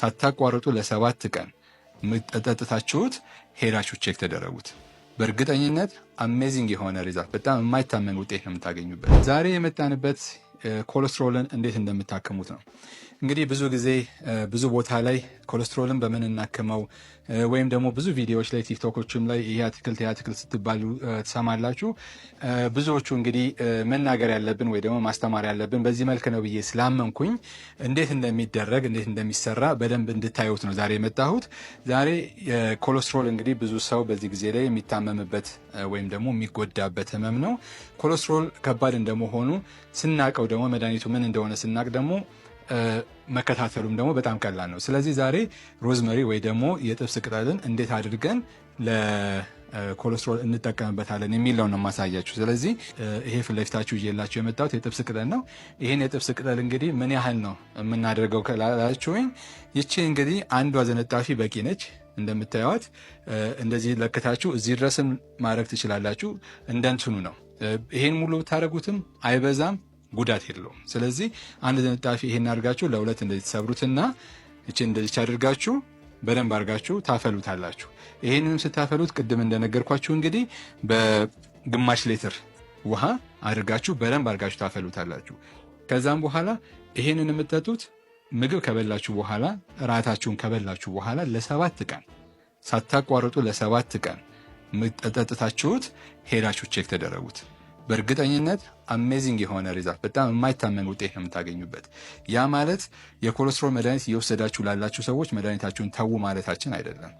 ሳታቋርጡ ለሰባት ቀን ጠጥታችሁት ሄዳችሁ ቼክ ተደረጉት። በእርግጠኝነት አሜዚንግ የሆነ ሪዛልት፣ በጣም የማይታመን ውጤት ነው የምታገኙበት። ዛሬ የመጣንበት ኮለስትሮልን እንዴት እንደምታክሙት ነው። እንግዲህ ብዙ ጊዜ ብዙ ቦታ ላይ ኮለስትሮልን በምን እናክመው ወይም ደግሞ ብዙ ቪዲዮዎች ላይ ቲክቶኮችም ላይ ይህ አትክልት ይህ አትክልት ስትባሉ ትሰማላችሁ። ብዙዎቹ እንግዲህ መናገር ያለብን ወይ ደግሞ ማስተማር ያለብን በዚህ መልክ ነው ብዬ ስላመንኩኝ እንዴት እንደሚደረግ እንዴት እንደሚሰራ በደንብ እንድታዩት ነው ዛሬ የመጣሁት። ዛሬ ኮለስትሮል እንግዲህ ብዙ ሰው በዚህ ጊዜ ላይ የሚታመምበት ወይም ደግሞ የሚጎዳበት ህመም ነው። ኮለስትሮል ከባድ እንደመሆኑ ስናቀው ደግሞ መድኃኒቱ ምን እንደሆነ ስናቅ ደግሞ መከታተሉም ደግሞ በጣም ቀላል ነው። ስለዚህ ዛሬ ሮዝመሪ ወይ ደግሞ የጥብስ ቅጠልን እንዴት አድርገን ለኮሌስትሮል እንጠቀምበታለን የሚለው ነው የማሳያችሁ። ስለዚህ ይሄ ፊት ለፊታችሁ እየላችሁ የመጣሁት የጥብስ ቅጠል ነው። ይህን የጥብስ ቅጠል እንግዲህ ምን ያህል ነው የምናደርገው ወይም ይቺ እንግዲህ አንዷ ዘነጣፊ በቂ ነች። እንደምታዩት እንደዚህ ለክታችሁ እዚህ ድረስም ማድረግ ትችላላችሁ። እንደንትኑ ነው። ይሄን ሙሉ ብታደረጉትም አይበዛም ጉዳት የለውም። ስለዚህ አንድ ጥንጣፊ ይሄን አድርጋችሁ ለሁለት እንደተሰብሩትና ትሰብሩትና እችን እንደዚች አድርጋችሁ በደንብ አድርጋችሁ ታፈሉታላችሁ። ይህንንም ስታፈሉት ቅድም እንደነገርኳችሁ እንግዲህ በግማሽ ሌትር ውሃ አድርጋችሁ በደንብ አድርጋችሁ ታፈሉታላችሁ። ከዛም በኋላ ይሄንን የምትጠጡት ምግብ ከበላችሁ በኋላ ራታችሁን ከበላችሁ በኋላ ለሰባት ቀን ሳታቋርጡ ለሰባት ቀን ጠጥታችሁት ሄዳችሁ ቼክ ተደረጉት። በእርግጠኝነት አሜዚንግ የሆነ ሪዛልት በጣም የማይታመን ውጤት ነው የምታገኙበት። ያ ማለት የኮሌስትሮል መድኃኒት እየወሰዳችሁ ላላችሁ ሰዎች መድኃኒታችሁን ተዉ ማለታችን አይደለም።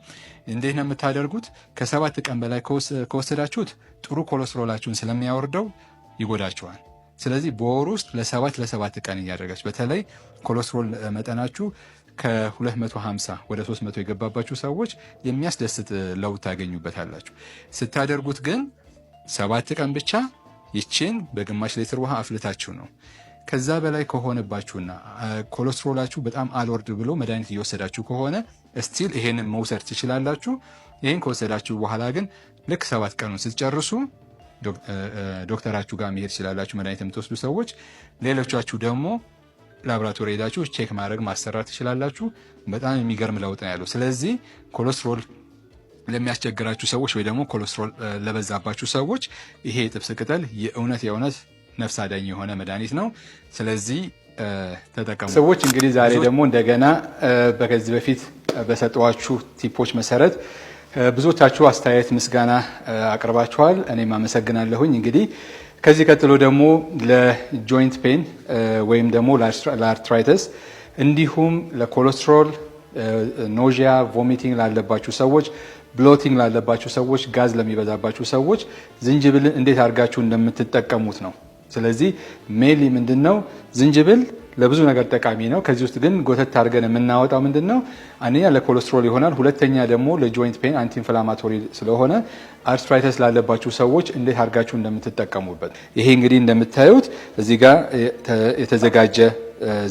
እንዴት ነው የምታደርጉት? ከሰባት ቀን በላይ ከወሰዳችሁት ጥሩ ኮሌስትሮላችሁን ስለሚያወርደው ይጎዳችኋል። ስለዚህ በወር ውስጥ ለሰባት ለሰባት ቀን እያደረጋችሁ በተለይ ኮሌስትሮል መጠናችሁ ከ250 ወደ 300 የገባባችሁ ሰዎች የሚያስደስት ለውጥ ታገኙበታላችሁ። ስታደርጉት ግን ሰባት ቀን ብቻ ይችን በግማሽ ሌትር ውሃ አፍልታችሁ ነው። ከዛ በላይ ከሆነባችሁና ኮሌስትሮላችሁ በጣም አልወርድ ብሎ መድኃኒት እየወሰዳችሁ ከሆነ እስቲል ይሄንን መውሰድ ትችላላችሁ። ይህን ከወሰዳችሁ በኋላ ግን ልክ ሰባት ቀኑን ስትጨርሱ ዶክተራችሁ ጋር መሄድ ትችላላችሁ፣ መድኃኒት የምትወስዱ ሰዎች። ሌሎቻችሁ ደግሞ ላብራቶሪ ሄዳችሁ ቼክ ማድረግ ማሰራት ትችላላችሁ። በጣም የሚገርም ለውጥ ነው ያለው። ስለዚህ ኮሌስትሮል ለሚያስቸግራችሁ ሰዎች ወይ ደግሞ ኮሌስትሮል ለበዛባችሁ ሰዎች ይሄ የጥብስ ቅጠል የእውነት የእውነት ነፍስ አዳኝ የሆነ መድኃኒት ነው። ስለዚህ ተጠቀሙ ሰዎች። እንግዲህ ዛሬ ደግሞ እንደገና በከዚህ በፊት በሰጠዋችሁ ቲፖች መሰረት ብዙዎቻችሁ አስተያየት፣ ምስጋና አቅርባችኋል። እኔም አመሰግናለሁኝ። እንግዲህ ከዚህ ቀጥሎ ደግሞ ለጆይንት ፔን ወይም ደግሞ ለአርትራይተስ እንዲሁም ለኮሌስትሮል ኖዥያ፣ ቮሚቲንግ ላለባችሁ ሰዎች ብሎቲንግ ላለባቸው ሰዎች፣ ጋዝ ለሚበዛባቸው ሰዎች ዝንጅብልን እንዴት አድርጋችሁ እንደምትጠቀሙት ነው። ስለዚህ ሜሊ ምንድን ነው ዝንጅብል ለብዙ ነገር ጠቃሚ ነው። ከዚህ ውስጥ ግን ጎተት አድርገን የምናወጣው ምንድን ነው? አንደኛ ለኮሌስትሮል ይሆናል። ሁለተኛ ደግሞ ለጆይንት ፔን አንቲኢንፍላማቶሪ ስለሆነ አርስትራይተስ ላለባችሁ ሰዎች እንዴት አድርጋችሁ እንደምትጠቀሙበት። ይሄ እንግዲህ እንደምታዩት እዚህ ጋር የተዘጋጀ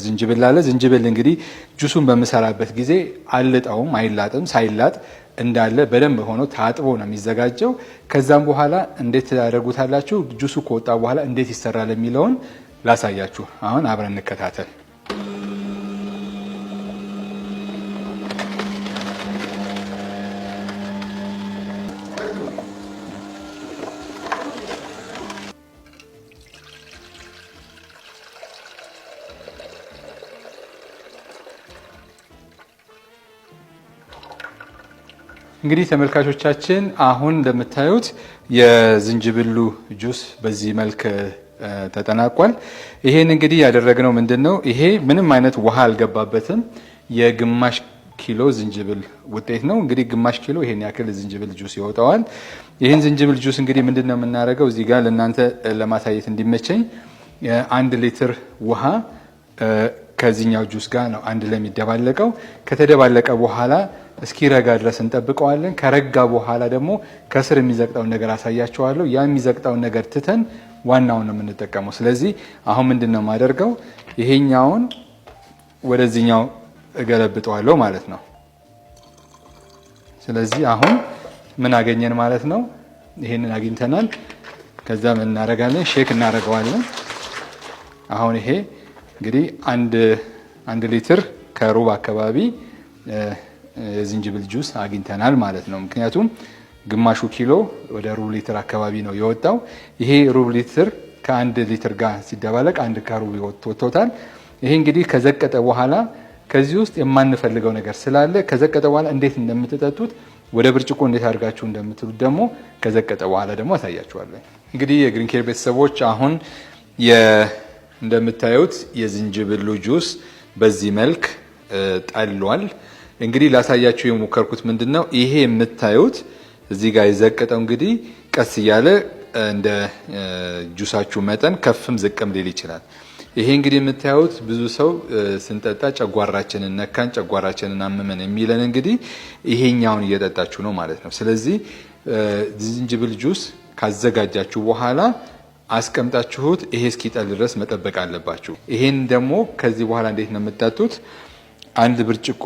ዝንጅብል አለ። ዝንጅብል እንግዲህ ጁሱን በምሰራበት ጊዜ አልጣውም፣ አይላጥም። ሳይላጥ እንዳለ በደንብ ሆኖ ታጥቦ ነው የሚዘጋጀው። ከዛም በኋላ እንዴት ታደርጉታላችሁ ጁሱ ከወጣ በኋላ እንዴት ይሰራል የሚለውን ላሳያችሁ። አሁን አብረን እንከታተል። እንግዲህ ተመልካቾቻችን አሁን እንደምታዩት የዝንጅብሉ ጁስ በዚህ መልክ ተጠናቋል። ይሄን እንግዲህ ያደረግነው ምንድን ነው? ይሄ ምንም አይነት ውሃ አልገባበትም። የግማሽ ኪሎ ዝንጅብል ውጤት ነው። እንግዲህ ግማሽ ኪሎ ይሄን ያክል ዝንጅብል ጁስ ይወጣዋል። ይህን ዝንጅብል ጁስ እንግዲህ ምንድን ነው የምናደርገው? እዚህ ጋር ለእናንተ ለማሳየት እንዲመቸኝ አንድ ሊትር ውሃ ከዚህኛው ጁስ ጋር ነው አንድ ለሚደባለቀው የሚደባለቀው። ከተደባለቀ በኋላ እስኪረጋ ድረስ እንጠብቀዋለን። ከረጋ በኋላ ደግሞ ከስር የሚዘቅጠውን ነገር አሳያቸዋለሁ። ያ የሚዘቅጠውን ነገር ትተን ዋናውን ነው የምንጠቀመው። ስለዚህ አሁን ምንድን ነው የማደርገው? ይሄኛውን ወደዚህኛው እገለብጠዋለሁ ማለት ነው። ስለዚህ አሁን ምን አገኘን ማለት ነው። ይሄንን አግኝተናል። ከዛ ምን እናደርጋለን? ሼክ እናደርገዋለን። አሁን ይሄ እንግዲህ አንድ አንድ ሊትር ከሩብ አካባቢ የዝንጅብል ጁስ አግኝተናል ማለት ነው። ምክንያቱም ግማሹ ኪሎ ወደ ሩብ ሊትር አካባቢ ነው የወጣው። ይሄ ሩብ ሊትር ከአንድ ሊትር ጋር ሲደባለቅ አንድ ከሩብ ወጥቶታል። ይሄ እንግዲህ ከዘቀጠ በኋላ ከዚህ ውስጥ የማንፈልገው ነገር ስላለ ከዘቀጠ በኋላ እንዴት እንደምትጠጡት ወደ ብርጭቆ እንዴት አድርጋችሁ እንደምትሉት ደግሞ ከዘቀጠ በኋላ ደግሞ አሳያችኋለን። እንግዲህ የግሪንኬር ቤተሰቦች አሁን እንደምታዩት የዝንጅብሉ ጁስ በዚህ መልክ ጠሏል። እንግዲህ ላሳያችሁ የሞከርኩት ምንድን ነው ይሄ የምታዩት እዚህ ጋር የዘቀጠው እንግዲህ ቀስ እያለ እንደ ጁሳችሁ መጠን ከፍም ዝቅም ሊል ይችላል። ይሄ እንግዲህ የምታዩት ብዙ ሰው ስንጠጣ ጨጓራችንን ነካን፣ ጨጓራችንን አመመን የሚለን እንግዲህ ይሄኛውን እየጠጣችሁ ነው ማለት ነው። ስለዚህ ዝንጅብል ጁስ ካዘጋጃችሁ በኋላ አስቀምጣችሁት ይሄ እስኪጠል ድረስ መጠበቅ አለባችሁ። ይሄን ደግሞ ከዚህ በኋላ እንዴት ነው የምጠጡት? አንድ ብርጭቆ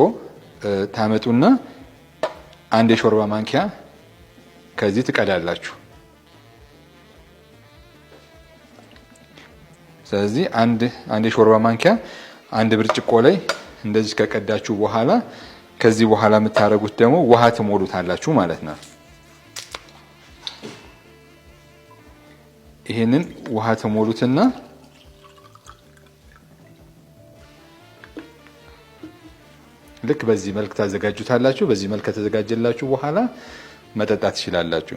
ታመጡና አንድ የሾርባ ማንኪያ ከዚህ ትቀዳላችሁ። ስለዚህ አንድ አንድ የሾርባ ማንኪያ አንድ ብርጭቆ ላይ እንደዚህ ከቀዳችሁ በኋላ ከዚህ በኋላ የምታደርጉት ደግሞ ውሃ ትሞሉታላችሁ ማለት ነው። ይህንን ውሃ ትሞሉትና ልክ በዚህ መልክ ታዘጋጁታላችሁ። በዚህ መልክ ከተዘጋጀላችሁ በኋላ መጠጣት ትችላላችሁ።